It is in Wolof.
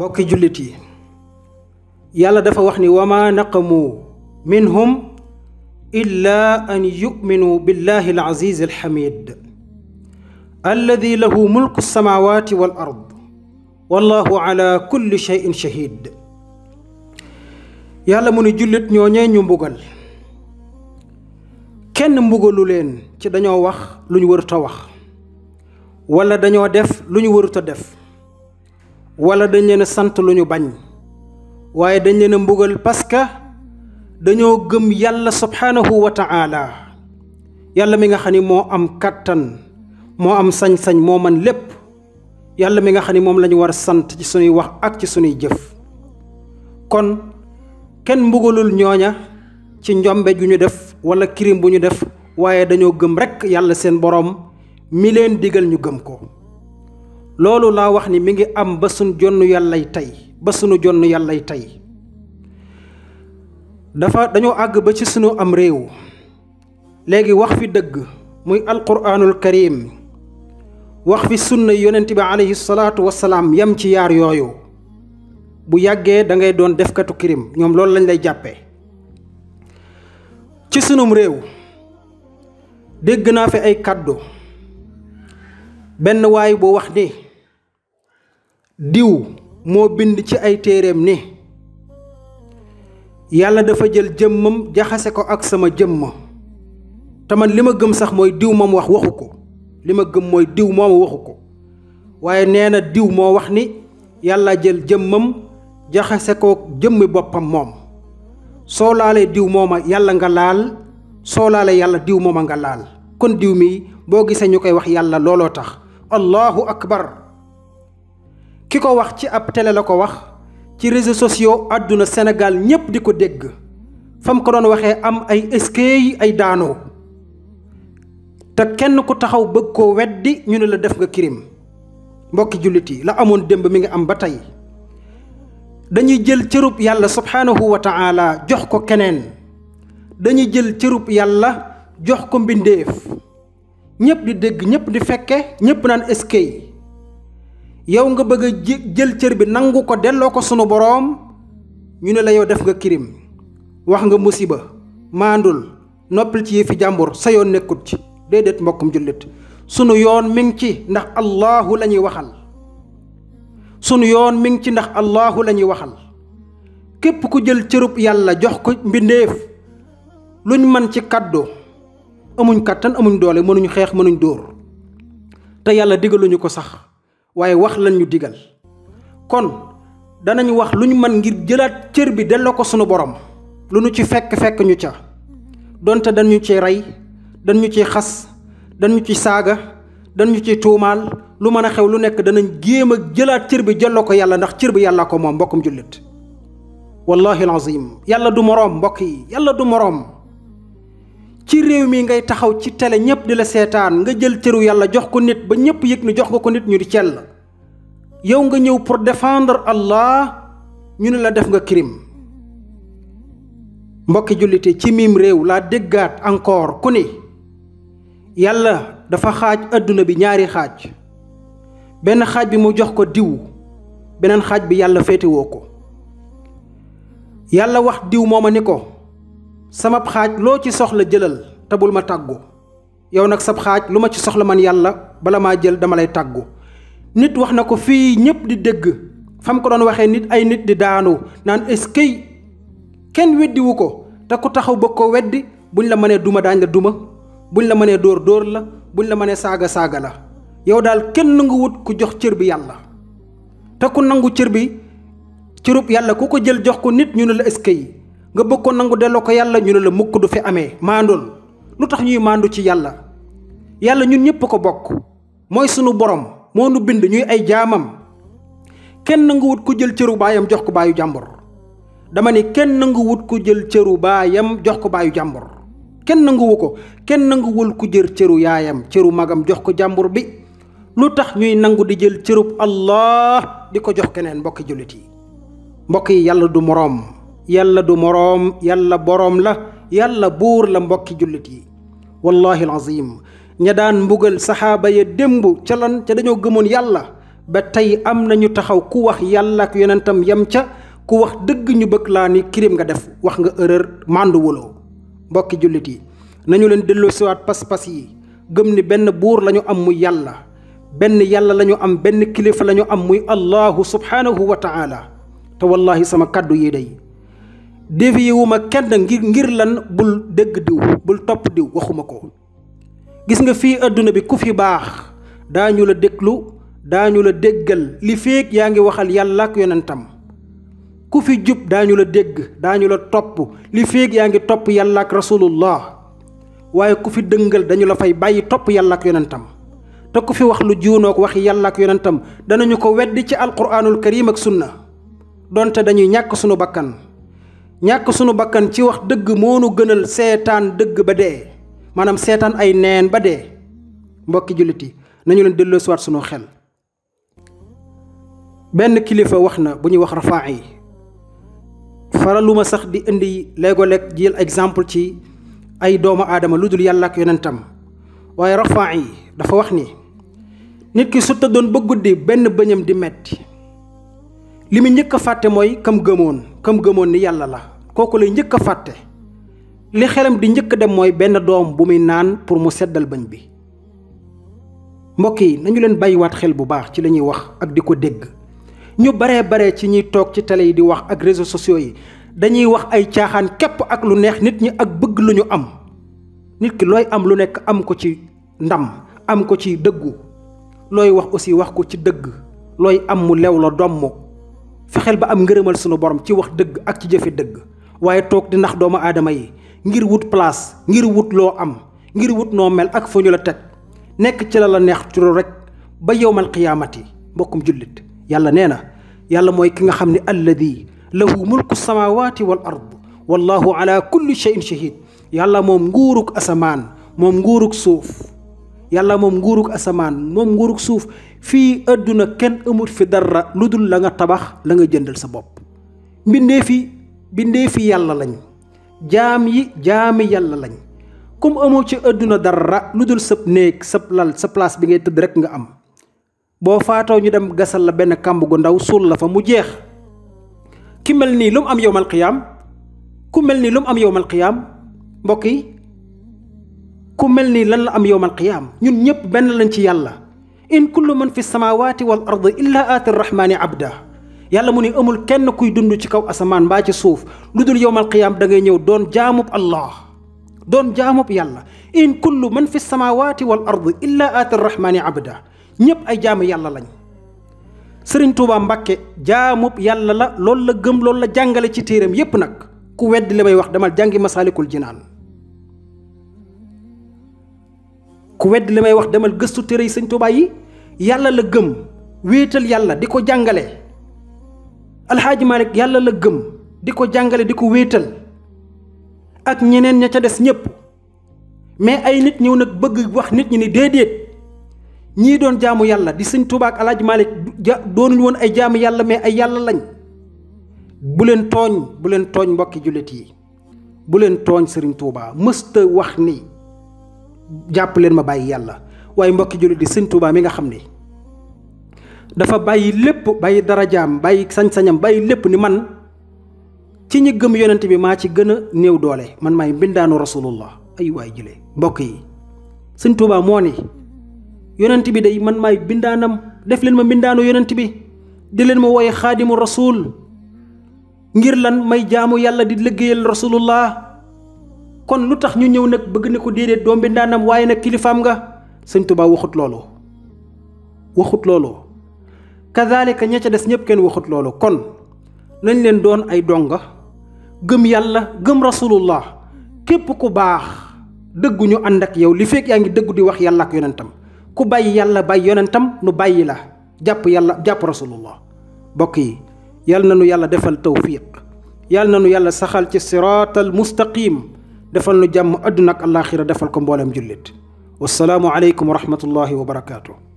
bokki jullit yi yàlla dafa wax ni wama naqamu minhum illa an yuminu billahi alaziz alxamid alladi lahu mulku alsamawati wal ard wallahu ala kulli cheyin shahid yàlla mu ni jullit ñooñee ñu mbugal kenn mbugalu leen ci dañoo wax lu ñu warut wax wala dañoo def lu ñu warut a def wala dañ leen sant lu ñu bañ waaye dañ leen a mbugal parce que dañoo gëm yàlla subhaanahu wa ta'ala yàlla mi nga xam ni moo am kàttan moo am sañ-sañ moo man lépp yàlla mi nga xam ni moom lañu war a sant ci suñuy wax ak ci suñuy jëf kon kenn mbugalul ñooña ci njombe gu ñu def wala kirim bu ñu def waaye dañoo gëm rekk yàlla seen boroom mi leen digal ñu gëm ko loolu laa wax ni mi ngi am ba suñ jonn yàllay tey ba sunu jonn yàllay tey dafa dañoo àgg ba ci sunu am réew léegi wax fi dëgg muy alquraanul karim wax fi sunna yonent bi aleyhi salaatu wasalaam yam ci yaar yooyu bu yàggee dangay doon defkatu kirim ñoom loolu lañ lay jàppe ci sunum réew dégg naa fi ay kàddu benn waay bu wax ni diw moo bind ci ay téereem ni yàlla dafa jël jëmmam jaxase ko ak sama jëmma te li ma gëm sax mooy diw moom wax waxu ko li ma gëm mooy diw mooma waxu ko waaye nee na diw moo wax ni yàlla jël jëmmam jaxase ko jëmmi boppam moom soo laalee diw mooma yàlla nga laal soo laalee yàlla diw mooma nga laal kon diw mi boo gisee ñu koy wax yàlla looloo tax allahu akbar ki ko wax ci ab télé la ko wax ci réseau sociaux àdduna senegal ñépp di ko dégg fam ko doon waxee am ay eskey ay daanoo te kenn ku taxaw bëgg koo weddi ñu ne la def nga crime mbokki jullit yi la amoon démb mi ngi am ba tey dañuy jël cërub yàlla subhaanahu wa taala jox ko keneen dañuy jël cërub yàlla jox ko mbindéef ñëpp di dégg ñëpp di fekke ñëpp naan eskey yow nga bëgg a jël cër bi nangu ko delloo ko sunu boroom ñu ne la yow def nga kirim wax nga musiba maandul noppil ci fi jàmbur sa yoon nekkut ci déedéet mbokkum jullit sunu yoon mi ci ndax Allahu la ñuy waxal sunu yoon mi ngi ci ndax Allahu la ñuy waxal képp ku jël cërub yàlla jox ko mbindéef luñ man ci kàddu amuñ kàttan amuñ doole mënuñu xeex mënuñ dóor te yàlla digaluñu ko sax waaye wax lañ ñu digal kon danañ wax lu ñu mën ngir jëlaat cër bi delloo ko sunu borom lu nu ci fekk fekk ñu ca donte dañu ci rey dañu ci xas dañu ci saaga dañu ci tuumaal lu mën a xew lu nekk danañ géem a jëlaat cër bi delloo ko yàlla ndax cër bi yàlla ko moom mbokkum jullit wallahi alazim yàlla du moroom mbokk yi yàlla du moroom ci réew mi ngay taxaw ci tele ñëpp di la seetaan nga jël cëru yàlla jox ko nit ba ñëpp yëg ni jox nga ko nit ñu di cell yow nga ñëw pour défendre Allah ñu ne la def nga crime mbokki jullite ci miim réew laa déggaat encore ku ni yàlla dafa xaaj àdduna bi ñaari xaaj benn xaaj bi mu jox ko diw beneen xaaj bi yàlla féetewoo ko yàlla wax diw mooma ni ko sama xaaj loo ci soxla jëlal te ma tàggu yow nag sab xaaj lu ma ci soxla man yàlla bala maa jël dama lay tàggu nit wax na ko fii ñépp di dégg fam ko doon waxee nit ay nit di daanu naan eskay kenn weddiwu ko te ku taxaw bëgg ko weddi buñ la mënee duma daañ la duma buñ la mënee dóor dóor la buñ la mënee saaga saaga la yow daal kenn nanguwut ku jox cër bi yàlla te ku nangu cër bi cërub yàlla ku ko jël jox ko nit ñu ne la eskay nga bëgg ko nangu delloo ko yàlla ñu ne la mukk du fi amee maandool lu tax ñuy maandu ci yàlla yàlla ñun ñëpp ko bokk mooy sunu borom moo nu bind ñuy ay jaamam kenn nanguwut wut ku jël cëru baayam jox ko baayu jàmbur dama ni kenn nangu wut jël cëru baayam jox ko baayu jàmbur kenn nanguwu ko kenn nanguwul ku jël cëru yaayam cëru magam jox ko jàmbur bi lu tax ñuy nangu di jël cërub Allah di ko jox keneen mbokki jullit yi mbokk yi yàlla du moroom yàlla du moroom yàlla boroom la yàlla buur la mbokki jullit yi wallahi alazim ña daan mbugal saxaaba ya démb ca lan ca dañoo gëmoon yàlla ba tey am na ñu taxaw ku wax yàlla ak yonentam yam ca ku wax dëgg ñu bëgg laa ni kirim nga def wax nga erreur màndu mbokki jullit yi nañu leen delloo siwaat pas-pas yi gëm ni benn buur lañu am muy yàlla benn yàlla lañu am benn kilifa lañu am muy allahu subhanahu wa ta'ala te wallahi sama kàddu yi day dévié wu ma kenn ngir ngir lan bul dégg diw bul topp di waxuma ko gis nga fii àdduna bi ku fi baax daañu la déglu daañu la déggal li féeg yaa ngi waxal yàlla ak yonentam ku fi jub daañu la dégg daañu la topp li féeg yaa ngi topp yàlla ak rasulullah waaye ku fi dëngal dañu la fay bàyyi topp yàlla ak yonentam te ku fi wax lu juunook waxi yàlla ak yonentam danañu ko wedd ci alquraanul karim ak sunna donte dañuy ñàkk sunu bakkan ñàkk sunu bakkan ci wax dëgg moo nu gënal seetaan dëgg ba dee maanaam seetaan ay neen ba dee mbokki jullit nañu leen delloo siwaat sunu xel benn kilifa wax na bu ñuy wax rafaa yi faraluma sax di indi léegoo-leeg exemple ci ay doomu aadama lu dul yàlla ak yonentam waaye rafaa yi dafa wax ni nit ki su tëddoon ba guddi benn bëñam di metti li mu njëkk a fàtte mooy kam gëmoon kam gëmoon ni yàlla la kooku lay njëkk a fàtte li xelam di njëkk dem mooy benn doom bu muy naan pour mu seddal bañ bi mbokk yi nañu leen bàyyiwaat xel bu baax ci la ñuy wax ak di ko dégg ñu baree bare ci ñuy toog ci télé yi di wax ak réseaux sociaux yi dañuy wax ay caaxaan képp ak lu neex nit ñi ak bëgg lu ñu am nit ki looy am lu nekk am ko ci ndam am ko ci dëggu looy wax aussi wax ko ci dëgg looy am mu lew la domm fexeel ba am ngërëmal sunu borom ci wax dëgg ak ci jëfe dëgg waaye toog di ndax doomu aadama yi ngir wut place ngir wut loo am ngir wut noo mel ak fu ñu la teg nekk ci la la neex ci rek ba yowmal qiyaamati mbokkum jullit yàlla nee na yàlla mooy ki nga xam ni ne alladi lahu mulku samaawaati wal ard wallahu ala kulli cheyin shahid yàlla moom nguurug asamaan moom nguurug suuf yàlla moom nguurug asamaan moom nguurug suuf fii adduna kenn amut fi dara lu dul la nga tabax la nga jëndal sa bopp bindee fi yàlla lañ jaam yi jaami yàlla lañ comme amoo ci àdduna dara lu dul sëb néeg sëb sa place bi ngay tëdd rek nga am boo faatoo ñu dem gasal la benn kàmb gu ndaw suul la fa mu jeex ki mel nii lu mu am yowmal qiyaam ku mel nii lu mu am yowmal qiyaam mbokk yi ku mel nii lan la am yowmal qiyaam ñun ñëpp benn lañ ci yàlla in kullu mën fi samaawaati wal ardi illa aati rahmaani abda yàlla mu ne amul kenn kuy dund ci kaw asamaan mbaa ci suuf lu dul yowmal qiyaam da ngay ñëw doon jaamub allah doon jaamub yàlla in kullu man fi samawati wal ard illa aati arrahmani abda ñëpp ay jaamu yàlla lañ sëriñ Tuuba Mbàkke jaamub yàlla la loolu la gëm loolu la jàngale ci téeram yépp nag ku weddi li may wax demal jàngi masaalikul jinaan ku weddi li may wax demal gëstu téere yi sëñ Tuuba yi yàlla la gëm wéetal yàlla di ko jàngale alxaaji Malick yàlla la gëm di ko jàngale di ko wéetal ak ñeneen ña ca des ñëpp mais ay nit ñëw nag bëgg wax nit ñi ni déedéet ñii doon jaamu yàlla di sëñ Tuubaa ak alxaaji Malick ja doonuñu woon ay jaamu yàlla mais ay yàlla lañ buleen tooñ bu leen tooñ mbokki jullit yi bu leen tooñ sëriñ Tuubaa mësta wax ni jàpp leen ma bàyyi yàlla waaye mbokki jullit di sëñ Tuubaa mi nga xam ni dafa bàyyi lépp bàyyi darajaam bàyyi sañ-sañam bàyyi lépp ni man ci ñi gëm yonent bi maa ci gën a néew doole man maay mbindaanu rasulullah ay waay jëlee mbokk yi sëñ Tuubaa moo ni yonent bi dey man maay bindaanam def leen ma bindaanu yonent bi di leen ma wooye xaadimu rasuul ngir lan may jaamu yàlla di liggéeyal rasulullah kon lu tax ñu ñëw nag bëgg ne ko déedéet doom mbindaanam waaye nag kilifaam nga sëñ Tuubaa waxut loolu waxut loolu kazaalika ña ca des ñëpp kenn waxut loolu kon nañ leen doon ay donga gëm yàlla gëm rasulullah képp ku baax dëggu ñu ànd ak yow li fekk yaa ngi dëggu di wax yàlla ak yonentam ku bàyyi yàlla bàyyi yonentam nu bàyyi la jàpp yàlla jàpp rasulullah bokk yi yàlla na nu yàlla defal tawfiq yàlla na nu yàlla saxal ci siraatal mustaqim defal nu jàmm àdduna ak alaaxira defal ko mboolem jullit wassalaamu aleykum wa rahmatullahi wa barakaatu.